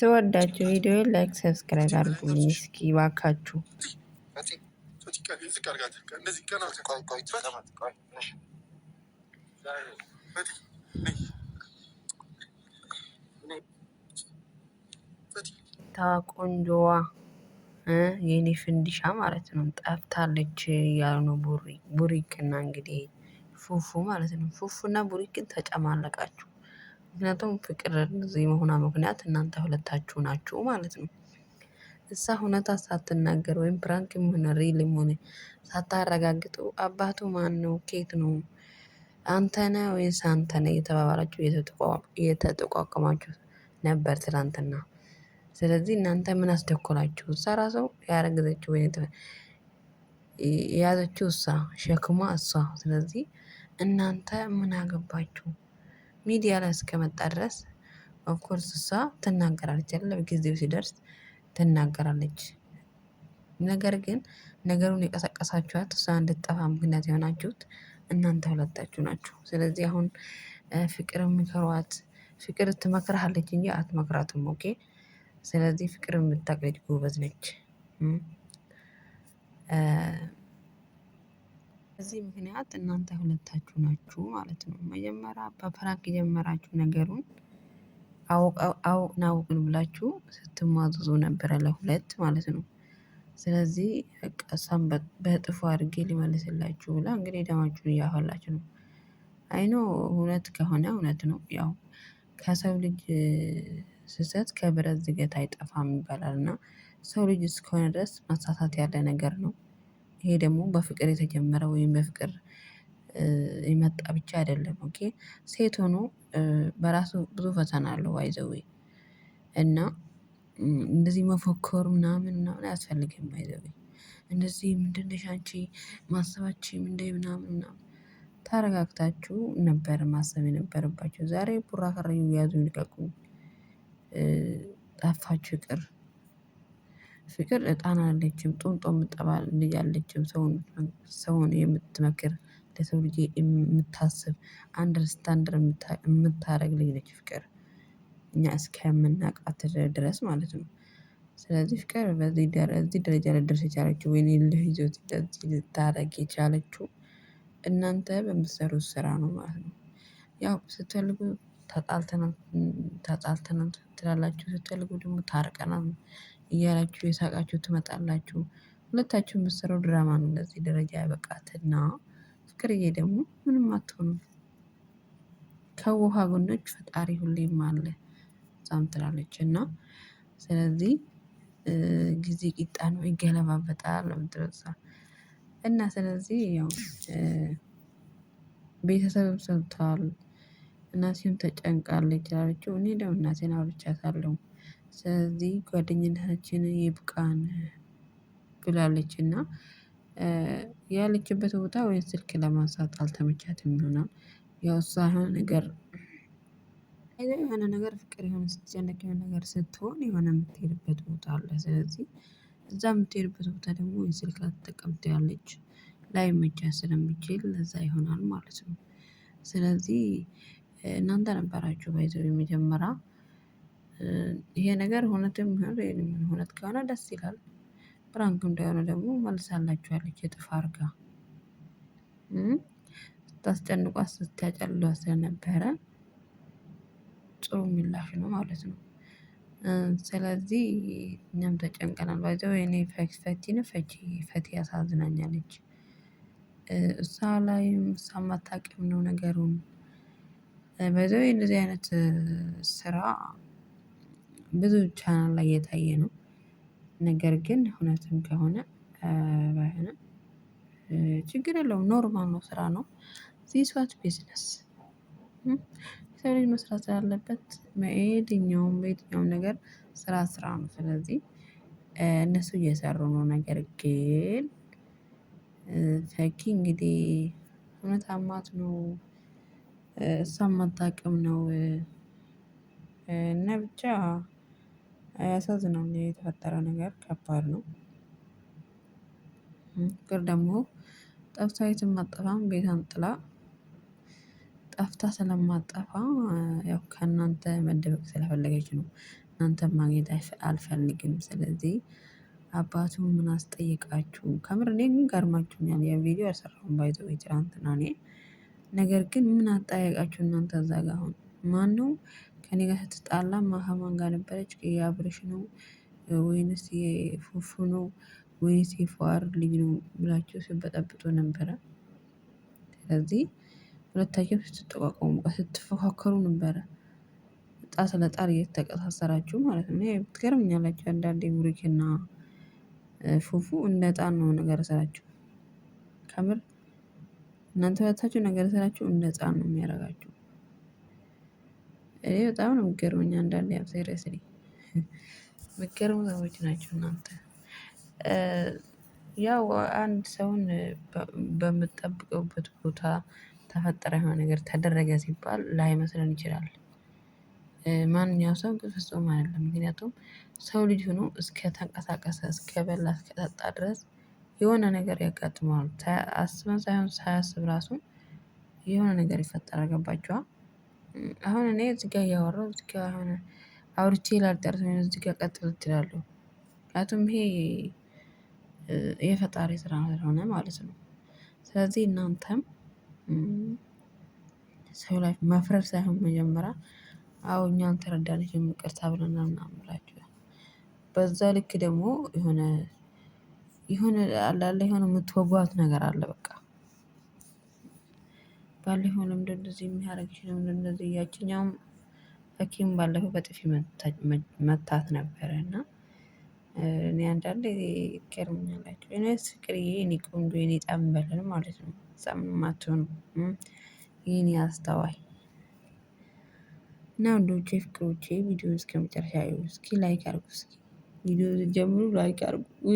ስወዳችሁ ቪዲዮ ላይክ ሰብስክራይብ አድርጉልኝ። እስኪ ባካችሁ ቆንጆዋ የኔ ፍንዲሻ ማለት ነው ጠፍታለች እያሉ ነው ቡሪክ እና እንግዲህ ፉፉ ማለት ነው። ፉፉ እና ቡሪክን ተጨማለቃችሁ። ምክንያቱም ፍቅር እዚህ መሆኗ ምክንያት እናንተ ሁለታችሁ ናችሁ ማለት ነው። እሳ ሁነታ ሳትናገር ወይም ፕራንክ ሆነ ሪል የሆነ ሳታረጋግጡ አባቱ ማን ነው ኬት ነው አንተነ ወይስ አንተነ እየተባባላችሁ እየተጠቋቀማችሁ ነበር ትላንትና። ስለዚህ እናንተ ምን አስደኮላችሁ? እሳ ራሰው ያረገዘችው ወይ የያዘችው እሳ ሸክሟ እሷ። ስለዚህ እናንተ ምን አገባችሁ? ሚዲያ ላይ እስከመጣ ድረስ ኦፍኮርስ እሷ ትናገራለች አይደለም፣ ጊዜው ሲደርስ ትናገራለች። ነገር ግን ነገሩን የቀሰቀሳችኋት እሷ እንድትጠፋ ምክንያት የሆናችሁት እናንተ ሁለታችሁ ናችሁ። ስለዚህ አሁን ፍቅር የሚከሯት ፍቅር ትመክርሃለች እንጂ አትመክራትም። ኦኬ። ስለዚህ ፍቅር የምታቅለጅ ጎበዝ ነች። በዚህ ምክንያት እናንተ ሁለታችሁ ናችሁ ማለት ነው። መጀመሪያ በፍራንክ የጀመራችሁ ነገሩን አውቅን አውቅን ብላችሁ ስትማዘዙ ነበረ ለሁለት ማለት ነው። ስለዚህ እሷን በጥፎ አድርጌ ሊመልስላችሁ ብላ እንግዲህ ደማችሁን እያፈላችሁ ነው። አይኖ እውነት ከሆነ እውነት ነው። ያው ከሰው ልጅ ስህተት ከብረት ዝገት አይጠፋም ይባላል እና ሰው ልጅ እስከሆነ ድረስ መሳሳት ያለ ነገር ነው። ይሄ ደግሞ በፍቅር የተጀመረ ወይም በፍቅር የመጣ ብቻ አይደለም። ኦኬ ሴት ሆኖ በራሱ ብዙ ፈተና አለው ባይ እና እንደዚህ መፎከር ምናምን ምናምን አያስፈልግም። ባይ እንደዚህ ምንድን ነሽ አንቺ ማሰባችም እንዴ ምናምን ምናምን ተረጋግታችሁ ነበር ማሰብ የነበረባቸው። ዛሬ ቡራ ከረዩ ያዙ ይልቀቁኝ ጠፋችሁ ይቅር ፍቅር እጣን አለችም ጦምጦም ጠባል ያለችም ሰውን የምትመክር ለሰው ልጅ የምታስብ አንደርስታንድ የምታደርግ ልጅ ነች ፍቅር እኛ እስከምናቃት ድረስ ማለት ነው። ስለዚህ ፍቅር በዚህ ደረጃ ልትደርስ የቻለችው ወይ እልህ ይዞት እንደዚህ ልታደርግ የቻለችው እናንተ በምትሰሩት ስራ ነው ማለት ነው። ያው ስትፈልጉ ተጣልተናል ተጣልተናል ትላላችሁ ስትፈልጉ ደግሞ ታርቀናል እያላችሁ የሳቃችሁ ትመጣላችሁ። ሁለታችሁ የምትሰራው ድራማ ነው። እንደዚህ ደረጃ ያበቃትና ፍቅርዬ ደግሞ ምንም አትሆኑም ከውሃ ጎኖች ፈጣሪ ሁሌም አለ ዛም ትላለች እና ስለዚህ ጊዜ ቂጣ ነው ይገለባበጣል ለምትለሳ እና ስለዚህ ያው ቤተሰብም ሰምተዋል። እናቴም ተጨንቃለች ይችላለችው። እኔ ደግሞ እናቴን አውርቻታለሁ። ስለዚህ ጓደኝነታችን ይብቃን ብላለች እና ያለችበት ቦታ ወይም ስልክ ለማንሳት አልተመቻትም ይሆናል። ያው እሷ የሆነ ነገር የሆነ ነገር ፍቅር የሆነ ስትጨነቅ የሆነ ነገር ስትሆን የሆነ የምትሄድበት ቦታ አለ። ስለዚህ እዛ የምትሄድበት ቦታ ደግሞ ወይም ስልክ ያለች ላይ መቻ ስለሚችል ለዛ ይሆናል ማለት ነው። ስለዚህ እናንተ ነበራችሁ ባይዘው የመጀመሪያ ይሄ ነገር እውነትም ቢሆን እውነት ከሆነ ደስ ይላል። ፕራንክ እንደሆነ ደግሞ መልሳላችኋለች የጥፍ አርጋ ስታስጨንቋት ስታጨልሏት ስለነበረ ጥሩ ምላሽ ነው ማለት ነው። ስለዚህ እኛም ተጨንቀናል። ባይ ዘ እኔ ፈቲን ፈቺ ፈቲ ያሳዝናኛለች። እሷ ላይም እሷ ማታቅም ነው ነገሩን። ባይ እንደዚህ አይነት ስራ ብዙ ቻናል ላይ የታየ ነው። ነገር ግን እውነትም ከሆነ ባይሆነ ችግር የለውም ኖርማል ነው ስራ ነው። ዚስዋት ቢዝነስ የሰው ልጅ መስራት ስላለበት በየትኛውም በየትኛውም ነገር ስራ ስራ ነው። ስለዚህ እነሱ እየሰሩ ነው ነገር ግን ፈኪ እንግዲህ እውነት አሟት ነው። እሷም አታውቅም ነው እና ብቻ ያሳዝናል። የተፈጠረ ነገር ከባድ ነው። ፍቅር ደግሞ ጠፍታ የትም አጠፋም ቤቷን ጥላ ጠፍታ ስለማጠፋ ያው ከእናንተ መደበቅ ስለፈለገች ነው። እናንተ ማግኘት አልፈልግም። ስለዚህ አባቱ ምን አስጠየቃችሁ? ከምር እኔ ግን ገርማችሁኛል። የቪዲዮ አልሰራሁም ባይ ዘ ትናንትና እኔ ነገር ግን ምን አጠያየቃችሁ እናንተ እዛ ጋር አሁን ነው ከኔ ጋር ስትጣላ ከማን ጋር ነበረች? የአብርሽ ነው ወይንስ የፉፉ ነው ወይንስ የፈዋር ልጅ ነው ብላችሁ ስበጠብጡ ነበረ። ስለዚህ ሁለታቸው ስትጠቋቋሙ ስትፎካከሩ ነበረ። ጣት ለጣት እየተቀሳሰራችሁ ማለት ነው። ትገርምኛላችሁ። አንዳንዴ ብሩኬና ፉፉ እንደ ጣን ነው ነገር ስራችሁ። ከምር እናንተ ሁለታችሁ ነገር ስራችሁ እንደ ጣን ነው የሚያደርጋችሁ። እኔ በጣም ነው የምገርመኝ አንዳንዴ ያው ሴሪየስሊ የምገርሙ ሰዎች ናቸው እናንተ። ያው አንድ ሰውን በምጠብቀውበት ቦታ ተፈጠረ የሆነ ነገር ተደረገ ሲባል ላይመስለን ይችላል። ማንኛውም ሰው ግን ፍጹም አይደለም። ምክንያቱም ሰው ልጅ ሆኖ እስከ እስከተንቀሳቀሰ እስከበላ እስከጠጣ ድረስ የሆነ ነገር ያጋጥመዋል። አስበን ሳይሆን ሳያስብ ራሱ የሆነ ነገር ይፈጠራል። አሁን እኔ እዚህ ጋር እያወራሁ እዚህ ጋር አሁን አውርቼ ላልጨርስ ነው እዚህ ጋር ቀጥል ትላለሁ። ምክንያቱም ይሄ የፈጣሪ ስራ ስለሆነ ማለት ነው። ስለዚህ እናንተም ሰው ላይ መፍረድ ሳይሆን መጀመሪያ አው እኛን ተረዳን ይቅርታ ብለናል ምናምን በዛ ልክ ደግሞ የሆነ የሆነ አላለ የሆነ የምትወጓት ነገር አለ በቃ አደርጋለሁ ሆኖም እንደዚህ የሚያደርግሽ ነው እንደዚህ እያችኛውም ፈኪም ባለፈው በጥፊ መታት ነበረ እና እኔ አንዳንዴ ይገርምኛላችሁ። እኔ ፍቅርዬ፣ የኔ ቆንጆ፣ የኔ ጠንበል ማለት ነው ጻምንም አትሆኑ ይህን አስተዋይ እና ወንዶቼ ፍቅሮች ቪዲዮ እስከ መጨረሻ እስኪ ላይክ አርጉ። እስኪ ቪዲዮ ጀምሩ፣ ላይክ አርጉ።